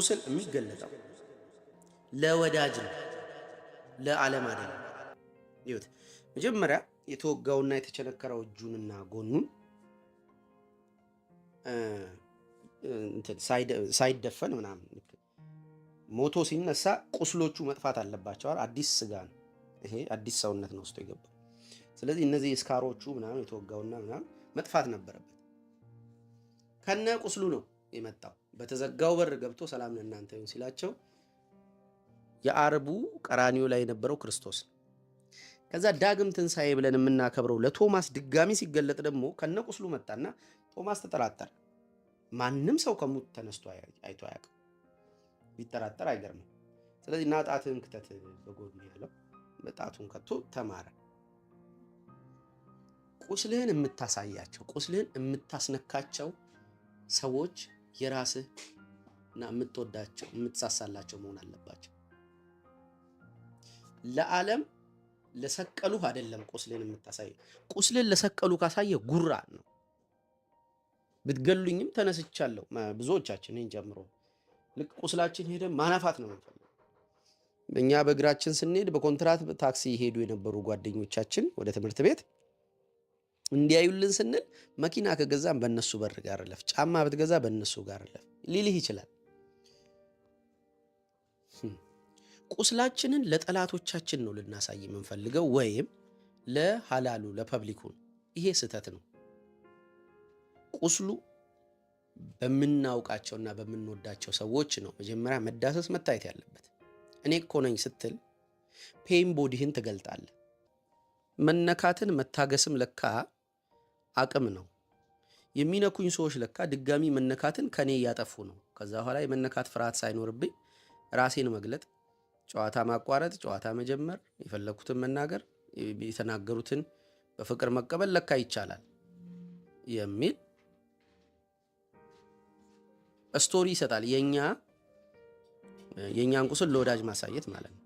ቁስል የሚገለጠው ለወዳጅ ነው፣ ለዓለም አይደለም። ይሁት መጀመሪያ የተወጋውና የተቸነከረው እጁንና ጎኑን ሳይደፈን ምናምን ሞቶ ሲነሳ ቁስሎቹ መጥፋት አለባቸዋል። አዲስ ስጋ ነው ይሄ፣ አዲስ ሰውነት ነው ውስጡ የገባው። ስለዚህ እነዚህ እስካሮቹ ምናምን የተወጋውና ምናምን መጥፋት ነበረበት። ከነ ቁስሉ ነው የመጣው። በተዘጋው በር ገብቶ ሰላም ለእናንተ ይሁን ሲላቸው የአርቡ ቀራኒዮ ላይ የነበረው ክርስቶስ ነው። ከዛ ዳግም ትንሣኤ ብለን የምናከብረው ለቶማስ ድጋሚ ሲገለጥ ደግሞ ከነቁስሉ መጣና ቶማስ ተጠራጠረ። ማንም ሰው ከሙት ተነስቶ አይቶ አያውቅም። ቢጠራጠር አይገርምም። ስለዚህ እና ጣትህን ክተት በጎን ያለው ጣቱን ከቶ ተማረ። ቁስልህን የምታሳያቸው ቁስልህን የምታስነካቸው ሰዎች የራስህ እና የምትወዳቸው የምትሳሳላቸው መሆን አለባቸው። ለዓለም ለሰቀሉህ አይደለም ቁስልን የምታሳየው። ቁስልን ለሰቀሉ ካሳየ ጉራ ነው። ብትገሉኝም ተነስቻለሁ። ብዙዎቻችን ይህን ጀምሮ ልክ ቁስላችን ሄደን ማናፋት ነው የምንፈልገው። እኛ በእግራችን ስንሄድ በኮንትራት ታክሲ ሄዱ የነበሩ ጓደኞቻችን ወደ ትምህርት ቤት እንዲያዩልን ስንል መኪና ከገዛም በእነሱ በር ጋር ለፍ፣ ጫማ ብትገዛ በእነሱ ጋር ለፍ ሊልህ ይችላል። ቁስላችንን ለጠላቶቻችን ነው ልናሳይ የምንፈልገው ወይም ለሀላሉ ለፐብሊኩ ነው። ይሄ ስህተት ነው። ቁስሉ በምናውቃቸውና በምንወዳቸው ሰዎች ነው መጀመሪያ መዳሰስ መታየት ያለበት። እኔ እኮ ነኝ ስትል ፔን ቦዲህን ትገልጣለህ። መነካትን መታገስም ለካ አቅም ነው። የሚነኩኝ ሰዎች ለካ ድጋሚ መነካትን ከኔ እያጠፉ ነው። ከዛ በኋላ የመነካት ፍርሃት ሳይኖርብኝ ራሴን መግለጥ፣ ጨዋታ ማቋረጥ፣ ጨዋታ መጀመር፣ የፈለግኩትን መናገር፣ የተናገሩትን በፍቅር መቀበል ለካ ይቻላል የሚል ስቶሪ ይሰጣል። የኛ የእኛን ቁስል ለወዳጅ ማሳየት ማለት ነው።